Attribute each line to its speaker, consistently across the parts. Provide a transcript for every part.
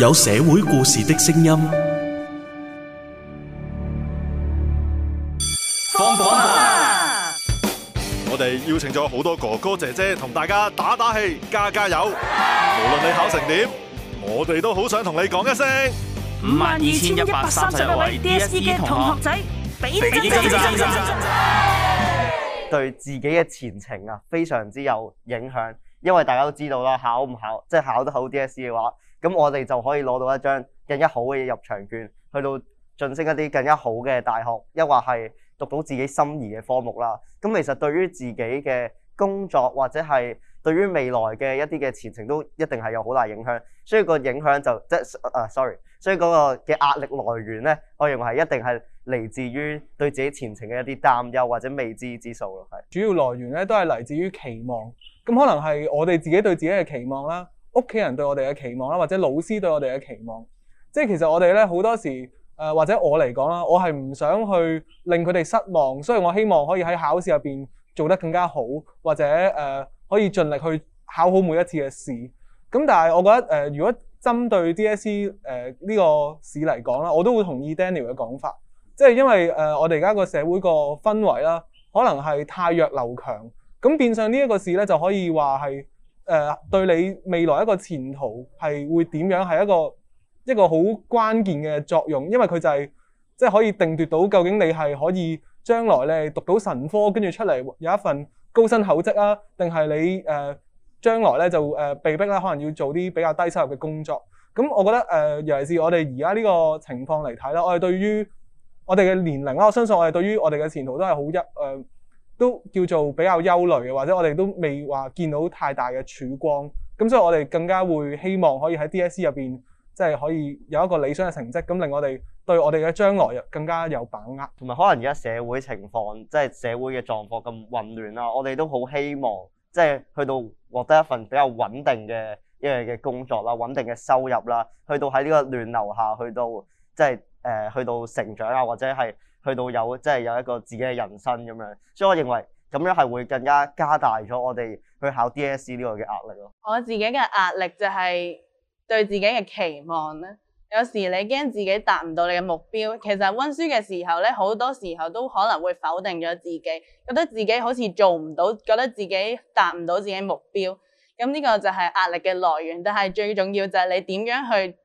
Speaker 1: 有社會故事的聲音，
Speaker 2: 放榜啦！我哋邀請咗好多哥哥姐姐同大家打打氣、加加油。
Speaker 3: 無論你考成
Speaker 2: 點，我哋都好想同你講一聲五萬二千一百三十一位 D S C
Speaker 3: 同學仔，俾你
Speaker 4: 對自己嘅前程非常之有影響，因為大家都知道啦，考唔考，即係考得好 D S C 嘅話，咁我哋就可以攞到一張更加好嘅入場券，去到晉升一啲更加好嘅大學，又或係讀到自己心儀嘅科目啦。咁其實對於自己嘅工作或者係對於未來嘅一啲嘅前程都一定係有好大影響，所以個影響就即係啊，sorry，所以嗰個嘅壓力來源呢，我認為係一定係嚟自於對自己前程嘅一啲擔憂或者未知之數咯，係
Speaker 5: 主要來源呢，都係嚟自於期望，咁可能係我哋自己對自己嘅期望啦。屋企人對我哋嘅期望啦，或者老師對我哋嘅期望，即係其實我哋咧好多時誒、呃，或者我嚟講啦，我係唔想去令佢哋失望，所以我希望可以喺考試入邊做得更加好，或者誒、呃、可以盡力去考好每一次嘅試。咁但係我覺得誒、呃，如果針對 DSE 誒、呃、呢、呢個試嚟講啦，我都會同意 Daniel 嘅講法，即係因為誒、呃、我哋而家個社會個氛圍啦，可能係太弱流強，咁變相事呢一個試咧就可以話係。誒、呃、對你未來一個前途係會點樣係一個一個好關鍵嘅作用，因為佢就係、是、即係可以定奪到究竟你係可以將來咧讀到神科，跟住出嚟有一份高薪厚職啊，定係你誒將、呃、來咧就誒、呃、被迫咧可能要做啲比較低收入嘅工作。咁、嗯、我覺得誒、呃，尤其是我哋而家呢個情況嚟睇啦，我哋對於我哋嘅年齡啦、啊，我相信我哋對於我哋嘅前途都係好一誒。呃都叫做比較憂慮嘅，或者我哋都未話見到太大嘅曙光。咁所以我哋更加會希望可以喺 DSE 入邊，即係可以有一個理想嘅成績，咁令我哋對我哋嘅將來更加有把握。
Speaker 4: 同埋可能而家社會情況，即係社會嘅狀況咁混亂啦，我哋都好希望，即係去到獲得一份比較穩定嘅一日嘅工作啦，穩定嘅收入啦，去到喺呢個亂流下去到，即係誒去到成長啊，或者係。去到有即係、就是、有一個自己嘅人生咁樣，所以我認為咁樣係會更加加大咗我哋去考 DSE 呢個嘅壓力咯。
Speaker 3: 我自己嘅壓力就係對自己嘅期望啦。有時你驚自己達唔到你嘅目標，其實溫書嘅時候咧，好多時候都可能會否定咗自己，覺得自己好似做唔到，覺得自己達唔到自己目標，咁呢個就係壓力嘅來源，但係最重要就係你點樣去。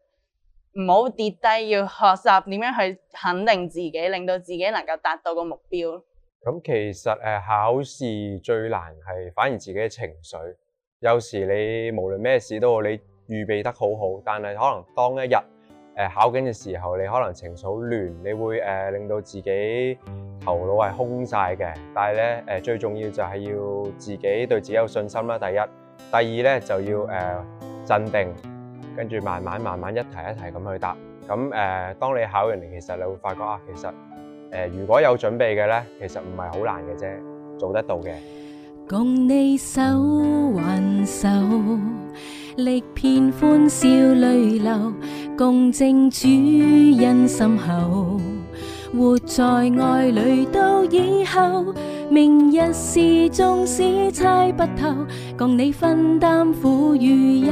Speaker 3: 唔好跌低，要學習點樣去肯定自己，令到自己能夠達到個目標。
Speaker 6: 咁其實誒考試最難係反而自己嘅情緒。有時你無論咩事都好，你預備得好好，但係可能當一日誒考緊嘅時候，你可能情緒亂，你會誒令到自己頭腦係空晒嘅。但係呢誒最重要就係要自己對自己有信心啦。第一，第二呢就要誒鎮定。跟住慢慢慢慢一題一題咁去答，咁誒，當你考完嚟，其實你會發覺啊，其實誒如果有準備嘅咧，其實唔係好難嘅啫，做得到嘅。
Speaker 7: 共你手挽手，歷遍歡笑淚流，共證主恩深厚，活在愛裏到以後，明日事縱使猜不透，共你分擔苦與憂。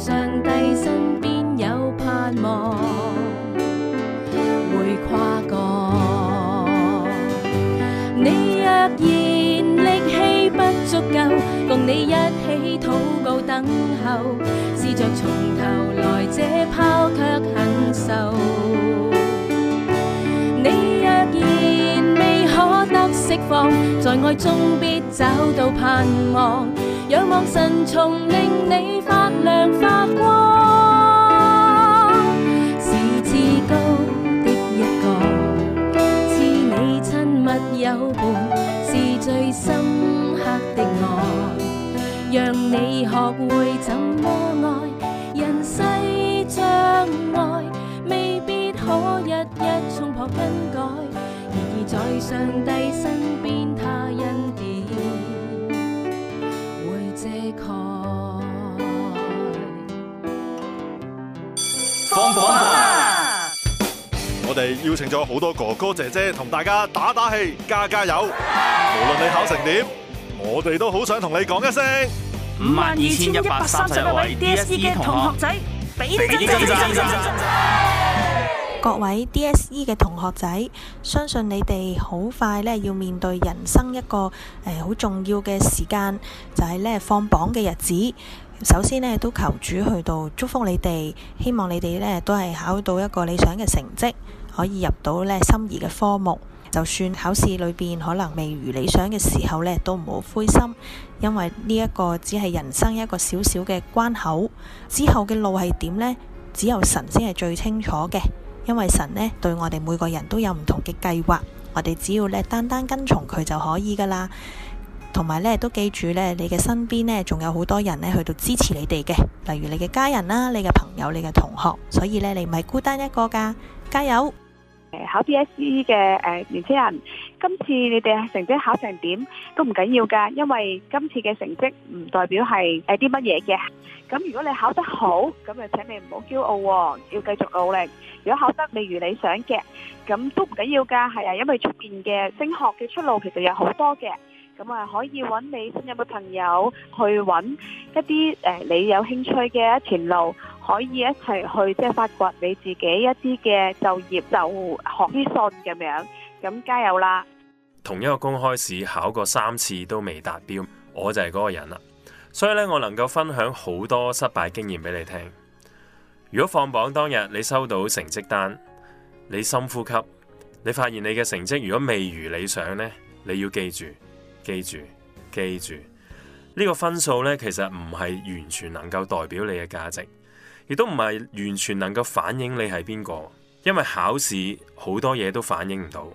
Speaker 7: 上帝身邊有盼望，會跨過。你若然力氣不足夠，共你一起禱告等候。試着從頭來，這拋卻很愁。你若然未可得釋放，在愛中必找到盼望。仰望神從令你發亮發光， 是至高的一個，知你親密有伴，是最深刻的愛，讓你學會怎麼愛。人世障礙未必可一一衝破更改，然而在上帝身邊，他恩典。
Speaker 2: 我哋邀請咗好多哥哥姐姐同大家打打氣，加加油。無論你考成點，我哋都好想同你講一聲 52, 130 五萬二千一百三十六位 DSE
Speaker 3: 嘅同學仔，俾真真。各位 DSE 嘅同學仔，相信你哋好快咧要面對人生一個誒好重要嘅時間，就係咧放榜嘅日子。首先咧都求主去到祝福你哋，希望你哋咧都係考到一個理想嘅成績。可以入到呢心儀嘅科目，就算考試裏邊可能未如理想嘅時候呢，都唔好灰心，因為呢一個只係人生一個小小嘅關口。之後嘅路係點呢？只有神先係最清楚嘅，因為神呢對我哋每個人都有唔同嘅計劃，我哋只要咧單單跟從佢就可以噶啦。同埋呢都記住呢，你嘅身邊呢仲有好多人呢去到支持你哋嘅，例如你嘅家人啦，啊、你嘅朋友、你嘅同學，所以呢，你唔係孤單一個噶，加油！誒，考 DSE 嘅誒年輕人，今次你哋成績考成點都唔
Speaker 8: 緊要噶，因為今次嘅成績唔代表係誒啲乜嘢嘅。咁如果你考得好，咁就請你唔好驕傲，要繼續努力。如果考得未如理想嘅，咁都唔緊要噶，係啊，因為出邊嘅升學嘅出路其實有好多嘅。咁啊，可以揾你身邊嘅朋友去揾一啲誒你有興趣嘅一前路。可以一齊去，即係發掘你自己一啲嘅，就業就學啲信咁樣。咁加油啦！
Speaker 1: 同一個公開試考過三次都未達標，我就係嗰個人啦。所以咧，我能夠分享好多失敗經驗俾你聽。如果放榜當日你收到成績單，你深呼吸，你發現你嘅成績如果未如理想呢，你要記住，記住，記住呢個分數呢，其實唔係完全能夠代表你嘅價值。亦都唔係完全能夠反映你係邊個，因為考試好多嘢都反映唔到，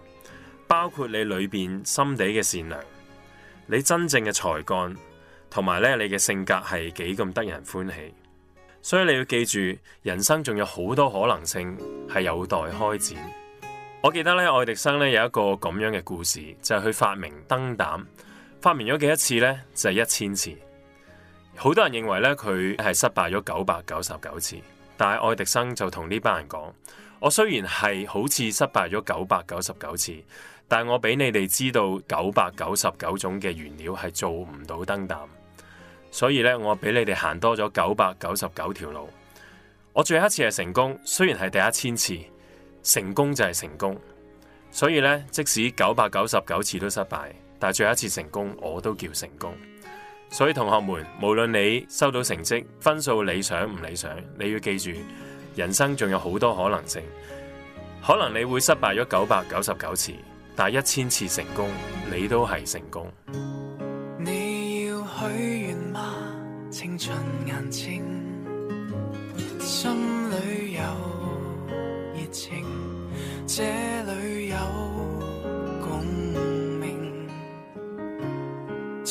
Speaker 1: 包括你裏邊心底嘅善良，你真正嘅才幹，同埋咧你嘅性格係幾咁得人歡喜。所以你要記住，人生仲有好多可能性係有待開展。我記得咧，愛迪生咧有一個咁樣嘅故事，就係去發明燈膽，發明咗幾多次呢，就係一千次。好多人認為咧佢係失敗咗九百九十九次，但係愛迪生就同呢班人講：我雖然係好似失敗咗九百九十九次，但係我俾你哋知道九百九十九種嘅原料係做唔到燈膽，所以咧我俾你哋行多咗九百九十九條路。我最後一次係成功，雖然係第一千次，成功就係成功，所以咧即使九百九十九次都失敗，但係最後一次成功我都叫成功。所以同學們，無論你收到成績分數理想唔理想，你要記住，人生仲有好多可能性，可能你會失敗咗九百九十九次，但一千次成功，你都係成功。你要許願嗎？青春眼前，心裏有熱情，這裏有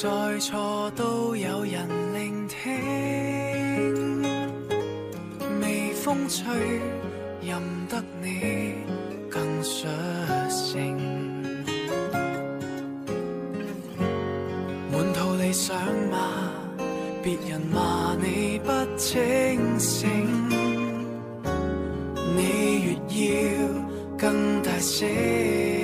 Speaker 1: 再錯都有人聆聽，微風吹，任得你更率性。 滿肚理想嘛，別人罵你不清醒，你越要更大聲。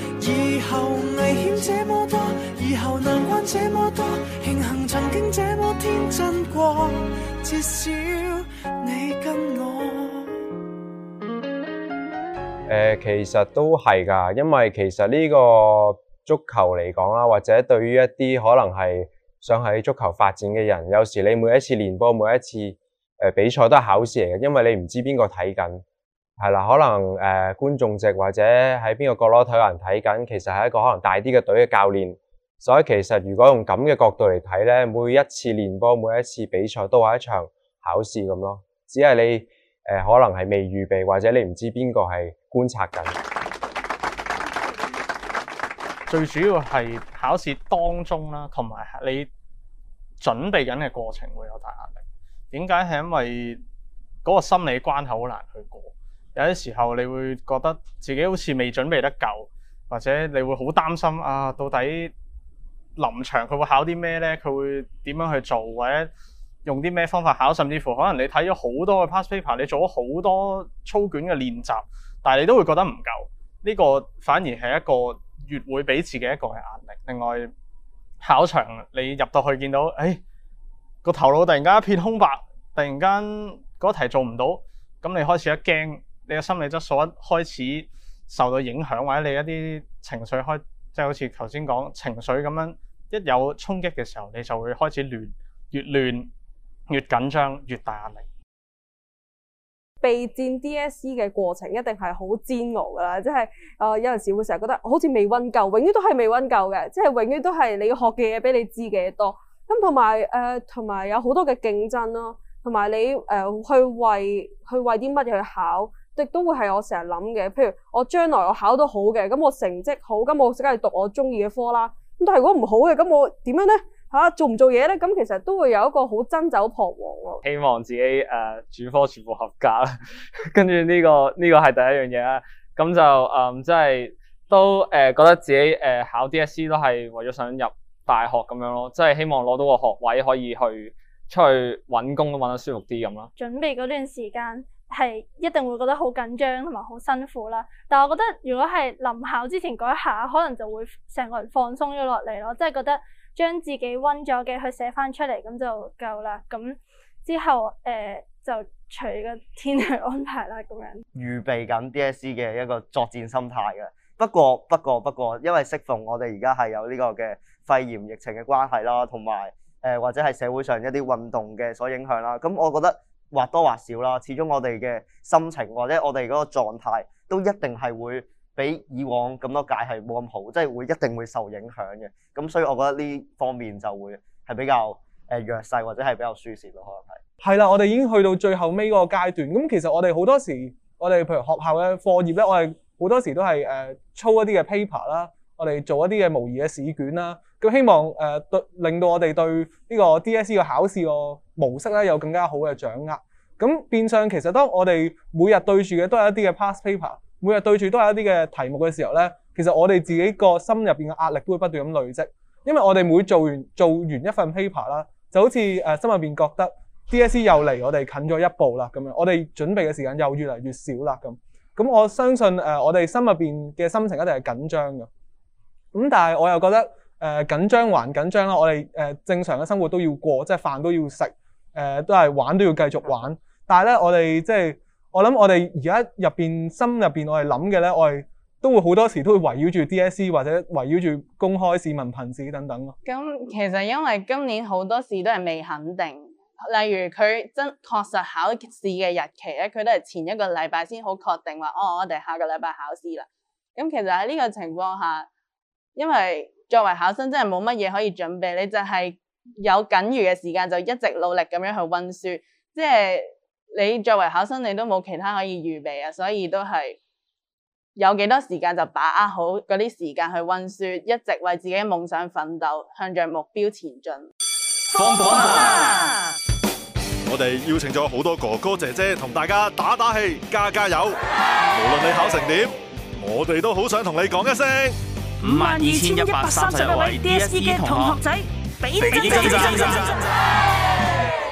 Speaker 7: 以後危險這麼多，以後難關這麼多，慶幸曾經這麼天真過，至少你跟我。
Speaker 6: 誒、呃，其實都係噶，因為其實呢個足球嚟講啦，或者對於一啲可能係想喺足球發展嘅人，有時你每一次練波，每一次誒、呃、比賽都係考試嚟嘅，因為你唔知邊個睇緊。係啦，可能誒、呃，觀眾席或者喺邊個角落頭有人睇緊。其實係一個可能大啲嘅隊嘅教練，所以其實如果用咁嘅角度嚟睇咧，每一次練波，每一次比賽都係一場考試咁咯。只係你誒、呃，可能係未預備，或者你唔知邊個係觀察緊。
Speaker 9: 最主要係考試當中啦，同埋你準備緊嘅過程會有大壓力。點解係因為嗰個心理關口好難去過。有啲時候，你會覺得自己好似未準備得夠，或者你會好擔心啊，到底臨場佢會考啲咩咧？佢會點樣去做，或者用啲咩方法考？甚至乎可能你睇咗好多嘅 past paper，你做咗好多操卷嘅練習，但係你都會覺得唔夠。呢、這個反而係一個越會俾自己一個嘅壓力。另外，考場你入到去見到，誒、哎、個頭腦突然間一片空白，突然間嗰題做唔到，咁你開始一驚。你嘅心理質素開始受到影響，或者你一啲情緒開始，即係好似頭先講情緒咁樣，一有衝擊嘅時候，你就會開始亂，越亂越緊張，越大壓力。
Speaker 8: 備戰 DSE 嘅過程一定係好煎熬噶啦，即係誒有陣時會成日覺得好似未溫夠，永遠都係未溫夠嘅，即係永遠都係你要學嘅嘢比你知嘅嘢多。咁同埋誒，同埋有好多嘅競爭咯，同埋你誒去為去為啲乜嘢去考？亦都會係我成日諗嘅，譬如我將來我考得好嘅，咁我成績好，咁我梗係讀我中意嘅科啦。咁但係如果唔好嘅，咁我點樣咧？吓、啊、做唔做嘢咧？咁其實都會有一個好爭，走徬徨，
Speaker 9: 希望自己誒主、呃、科全部合格啦，跟住呢個呢、這個係第一樣嘢啦。咁就嗯、呃、即係都誒、呃、覺得自己誒、呃、考 DSE 都係為咗想入大學咁樣咯，即係希望攞到個學位可以去出去搵工都搵得舒服啲咁咯。
Speaker 8: 準備嗰段時間。係一定會覺得好緊張同埋好辛苦啦，但係我覺得如果係臨考之前嗰一下，可能就會成個人放鬆咗落嚟咯，即係覺得將自己溫咗嘅去寫翻出嚟咁就夠啦。咁之後誒、呃、就隨個天氣安排啦。咁
Speaker 4: 樣預備緊 DSE 嘅一個作戰心態嘅，不過不過不過，因為適逢我哋而家係有呢個嘅肺炎疫情嘅關係啦，同埋誒或者係社會上一啲運動嘅所影響啦，咁我覺得。或多或少啦，始終我哋嘅心情或者我哋嗰個狀態都一定係會比以往咁多屆係冇咁好，即係會一定會受影響嘅。咁所以我覺得呢方面就會係比較誒弱勢或者係比較輸蝕咯，可能係。
Speaker 5: 係啦，我哋已經去到最後尾嗰個階段。咁其實我哋好多時，我哋譬如學校嘅課業咧，我哋好多時都係誒、呃、操一啲嘅 paper 啦，我哋做一啲嘅模擬嘅試卷啦。咁希望誒對、呃、令到我哋對呢個 d s c 嘅考試個模式咧有更加好嘅掌握。咁變相其實當我哋每日對住嘅都係一啲嘅 past paper，每日對住都係一啲嘅題目嘅時候咧，其實我哋自己個心入邊嘅壓力都會不斷咁累積。因為我哋每做完做完一份 paper 啦，就好似誒心入邊覺得 d s c 又離我哋近咗一步啦咁樣，我哋準備嘅時間又越嚟越少啦咁。咁我相信誒、呃、我哋心入邊嘅心情一定係緊張㗎。咁但係我又覺得。誒、呃、緊張還緊張啦！我哋誒、呃、正常嘅生活都要過，即係飯都要食，誒、呃、都係玩都要繼續玩。但係咧，我哋即係我諗，我哋而家入邊心入邊，我哋諗嘅咧，我哋都會好多時都會圍繞住 DSE 或者圍繞住公開試、文憑試等等咯。
Speaker 3: 咁、嗯、其實因為今年好多事都係未肯定，例如佢真確實考試嘅日期咧，佢都係前一個禮拜先好確定話哦，我哋下個禮拜考試啦。咁、嗯、其實喺呢個情況下，因為作為考生真係冇乜嘢可以準備，你就係有僅餘嘅時間就一直努力咁樣去温書。即係你作為考生，你都冇其他可以預備啊，所以都係有幾多時間就把握好嗰啲時間去温書，一直為自己嘅夢想奮鬥，向著目標前進。
Speaker 2: 放榜啦！啦我哋邀請咗好多哥哥姐姐同大家打打氣，加加油。無論你考成點，我哋都好想同你講一聲。五萬二千
Speaker 3: 一百三十位 DSE 嘅同學仔，比
Speaker 2: 真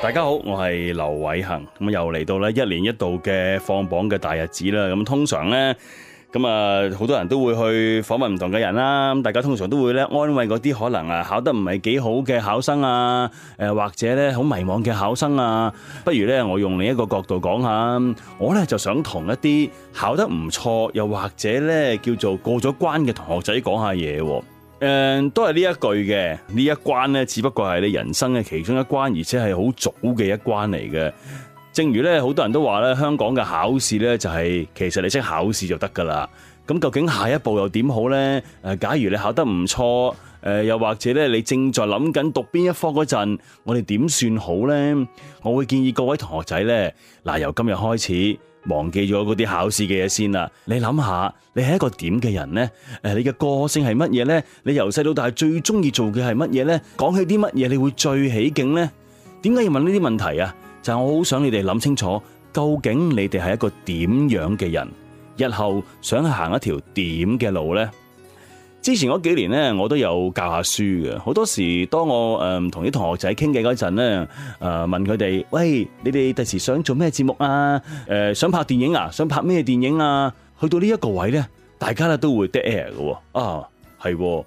Speaker 10: 大家好，我係劉偉恆，咁又嚟到咧一年一度嘅放榜嘅大日子啦！咁通常咧。咁啊，好多人都會去訪問唔同嘅人啦。咁大家通常都會咧安慰嗰啲可能啊考得唔係幾好嘅考生啊，誒或者咧好迷茫嘅考生啊。不如咧我用另一個角度講下，我咧就想同一啲考得唔錯又或者咧叫做過咗關嘅同學仔講下嘢。誒、嗯，都係呢一句嘅，呢一關咧只不過係你人生嘅其中一關，而且係好早嘅一關嚟嘅。正如咧，好多人都話咧，香港嘅考試咧就係其實你識考試就得㗎喇。咁究竟下一步又點好咧？誒、呃，假如你考得唔錯，誒、呃、又或者咧，你正在諗緊讀邊一科嗰陣，我哋點算好咧？我會建議各位同學仔咧，嗱、呃、由今日開始，忘記咗嗰啲考試嘅嘢先啦。你諗下，你係一個點嘅人咧？誒，你嘅個性係乜嘢咧？你由細到大最鍾意做嘅係乜嘢咧？講起啲乜嘢你會最起勁咧？點解要問呢啲問題啊？就係我好想你哋諗清楚，究竟你哋係一個點樣嘅人，日後想行一條點嘅路咧？之前嗰幾年咧，我都有教下書嘅，好多時當我誒同啲同學仔傾偈嗰陣咧，誒、呃、問佢哋，喂，你哋第時想做咩節目啊？誒、呃，想拍電影啊？想拍咩電影啊？去到呢一個位咧，大家咧都會 dead air 嘅，哦，啊，係，我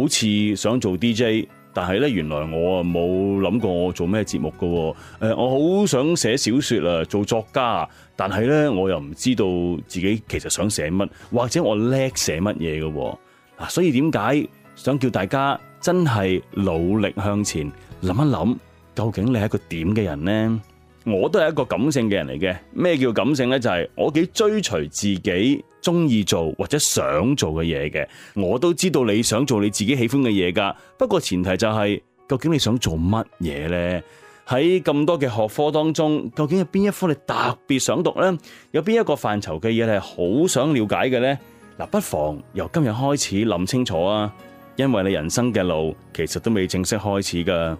Speaker 10: 好似想做 DJ。但係咧，原來我啊冇諗過我做咩節目嘅喎。誒，我好想寫小説啊，做作家。但係咧，我又唔知道自己其實想寫乜，或者我叻寫乜嘢嘅喎。嗱，所以點解想叫大家真係努力向前，諗一諗究竟你係一個點嘅人咧？我都係一個感性嘅人嚟嘅，咩叫感性呢？就係我幾追隨自己中意做或者想做嘅嘢嘅。我都知道你想做你自己喜歡嘅嘢噶，不過前提就係究竟你想做乜嘢呢？喺咁多嘅學科當中，究竟有邊一科你特別想讀呢？有邊一個範疇嘅嘢你係好想了解嘅呢？嗱，不妨由今日開始諗清楚啊，因為你人生嘅路其實都未正式開始噶。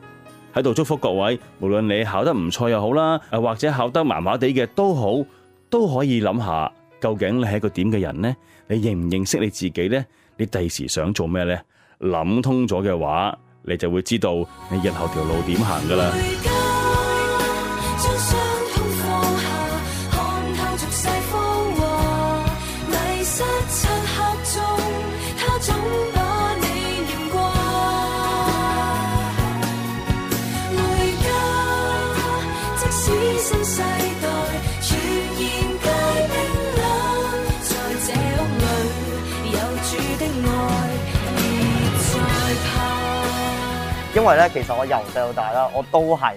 Speaker 10: 喺度祝福各位，無論你考得唔錯又好啦，誒或者考得麻麻地嘅都好，都可以諗下究竟你係一個點嘅人呢？你認唔認識你自己呢？你第時想做咩呢？諗通咗嘅話，你就會知道你日後條路點行噶啦。
Speaker 4: 因為咧，其實我由細到大啦，我都係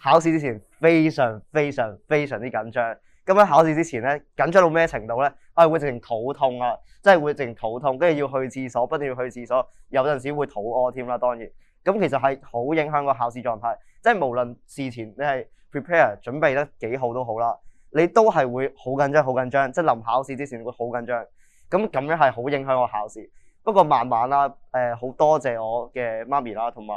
Speaker 4: 考試之前非常非常非常之緊張。咁喺考試之前咧，緊張到咩程度咧？啊，會直情肚痛啊，即係會直情肚痛，跟住要去廁所，不斷要去廁所，有陣時會肚屙添啦。當然，咁其實係好影響個考試狀態。即係無論事前你係 prepare 準，準備得幾好都好啦，你都係會好緊張，好緊張。即係臨考試之前會好緊張。咁咁樣係好影響我考試。不過慢慢啦，誒、呃、好多謝我嘅媽咪啦，同埋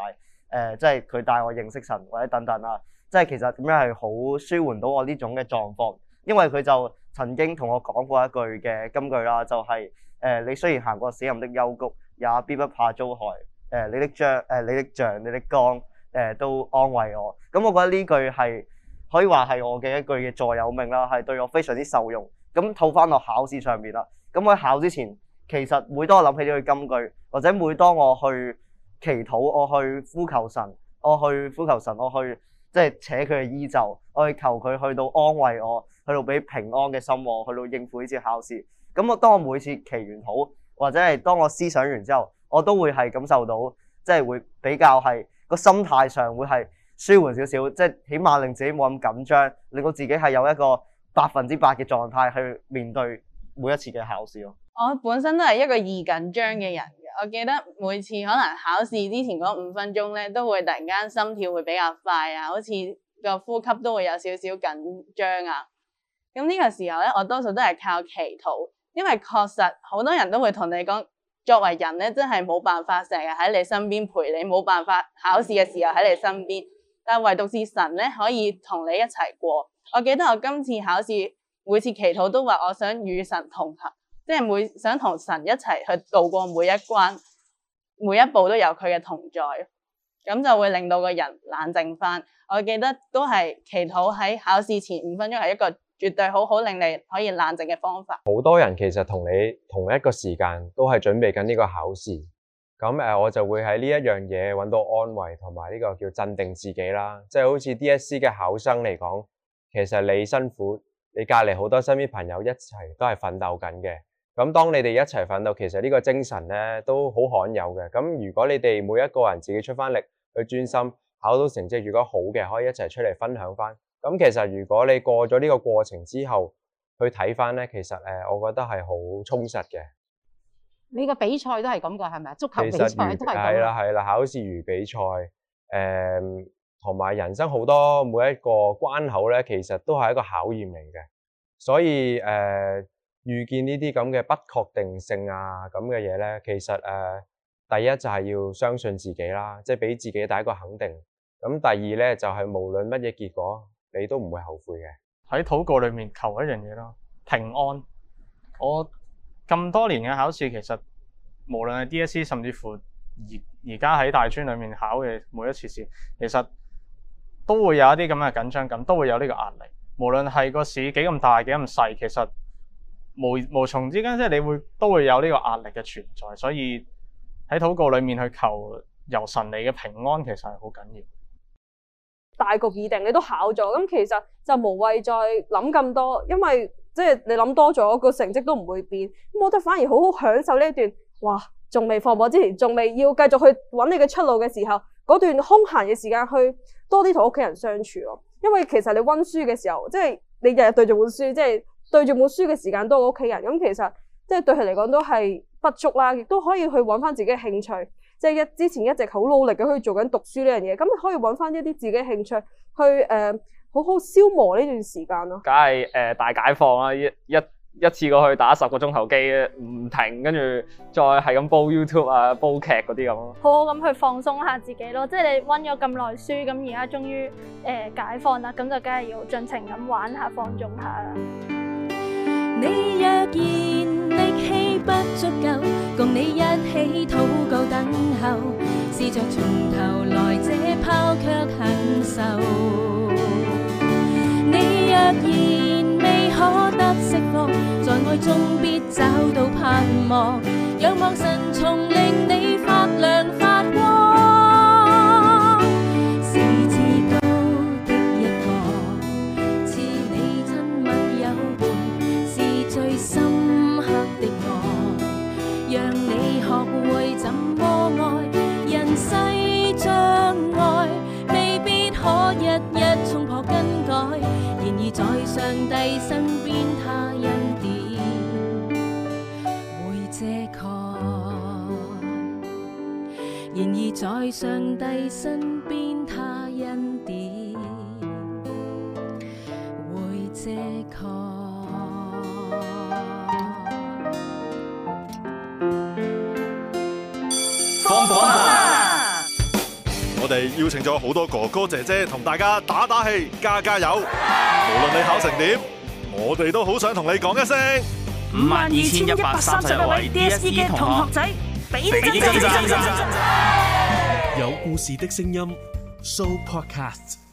Speaker 4: 誒即係佢帶我認識神或者等等啦，即係其實點樣係好舒緩到我呢種嘅狀況，因為佢就曾經同我講過一句嘅金句啦，就係、是、誒、呃、你雖然行過死人的幽谷，也必不怕遭害。誒你的杖，誒你的杖，你的光，誒、呃呃呃、都安慰我。咁、嗯、我覺得呢句係可以話係我嘅一句嘅座右銘啦，係對我非常之受用。咁、嗯、套翻落考試上面啦，咁我考之前。其實每當我諗起呢句金句，或者每當我去祈禱，我去呼求神，我去呼求神，我去即係、就是、扯佢嘅衣袖，我去求佢去到安慰我，去到俾平安嘅心，我、去到應付呢次考試。咁我當我每次祈完禱，或者係當我思想完之後，我都會係感受到，即、就、係、是、會比較係個心態上會係舒緩少少，即、就、係、是、起碼令自己冇咁緊張，令到自己係有一個百分之百嘅狀態去面對。每一次嘅考試咯，
Speaker 3: 我本身都係一個易緊張嘅人嘅。我記得每次可能考試之前嗰五分鐘咧，都會突然間心跳會比較快啊，好似個呼吸都會有少少緊張啊。咁呢個時候咧，我多數都係靠祈禱，因為確實好多人都會同你講，作為人咧真係冇辦法成日喺你身邊陪你，冇辦法考試嘅時候喺你身邊，但係唯獨是神咧可以同你一齊過。我記得我今次考試。每次祈禱都話我想與神同行，即係每想同神一齊去度過每一關，每一步都有佢嘅同在，咁就會令到個人冷靜返。我記得都係祈禱喺考試前五分鐘係一個絕對好好令你可以冷靜嘅方法。
Speaker 6: 好多人其實同你同一個時間都係準備緊呢個考試，咁誒，我就會喺呢一樣嘢揾到安慰同埋呢個叫鎮定自己啦。即係好似 DSE 嘅考生嚟講，其實你辛苦。你隔籬好多身邊朋友一齊都係奮鬥緊嘅，咁當你哋一齊奮鬥，其實呢個精神咧都好罕有嘅。咁如果你哋每一個人自己出翻力去專心考到成績，如果好嘅可以一齊出嚟分享翻。咁其實如果你過咗呢個過程之後去睇翻咧，其實誒，我覺得係好充實嘅。
Speaker 7: 你個比賽都係咁噶，係咪？
Speaker 6: 足球比賽都係咁，係啦係啦，考試如比賽，誒、嗯。同埋人生好多每一個關口咧，其實都係一個考驗嚟嘅。所以誒，遇、呃、見呢啲咁嘅不確定性啊，咁嘅嘢咧，其實誒、呃，第一就係要相信自己啦，即係俾自己第一個肯定。咁第二咧，就係、是、無論乜嘢結果，你都唔會後悔嘅。
Speaker 9: 喺禱告裏面求一樣嘢咯，平安。我咁多年嘅考試，其實無論係 D.S.C.，甚至乎而而家喺大專裏面考嘅每一次試，其實。都會有一啲咁嘅緊張感，都會有呢個壓力。無論係個市幾咁大，幾咁細，其實無無從之間，即係你會都會有呢個壓力嘅存在。所以喺禱告裏面去求由神嚟嘅平安，其實係好緊要。
Speaker 8: 大局已定，你都考咗，咁其實就無謂再諗咁多，因為即係你諗多咗，個成績都唔會變。咁我哋反而好好享受呢一段，哇！仲未放榜之前，仲未要繼續去揾你嘅出路嘅時候，嗰段空閒嘅時間去。多啲同屋企人相處咯，因為其實你温書嘅時候，即係你日日對住本書，即係對住本書嘅時間多過屋企人，咁其實即係對佢嚟講都係不足啦，亦都可以去揾翻自己嘅興趣，即係一之前一直好努力嘅去做緊讀書呢樣嘢，咁你可以揾翻一啲自己興趣去誒好好消磨呢段時間咯。
Speaker 9: 梗係誒大解放啦！一一。一次過去打十個鐘頭機唔停，跟住再係咁煲 YouTube 啊，煲劇嗰啲咁咯。好
Speaker 8: 好咁去放鬆下自己咯，即係你温咗咁耐書，咁而家終於誒解放啦，咁就梗係要盡情咁玩下，放縱下啦。
Speaker 7: 你若然力氣不足夠，共你一起禱告等候，試着從頭來這拋卻享受。你若然可得釋放，在愛中必找到盼望，仰望神，從令你發亮。在上帝身邊，他恩典會遮蓋；然而在上帝身邊。
Speaker 2: 邀請咗好多哥哥姐姐同大家打打氣、加加油。無論你考成點，我哋都好想同你講一聲：五萬二千一百三十一位 DSE 嘅同學仔，俾你。
Speaker 7: 有
Speaker 2: 故事嘅聲音，Show Podcast。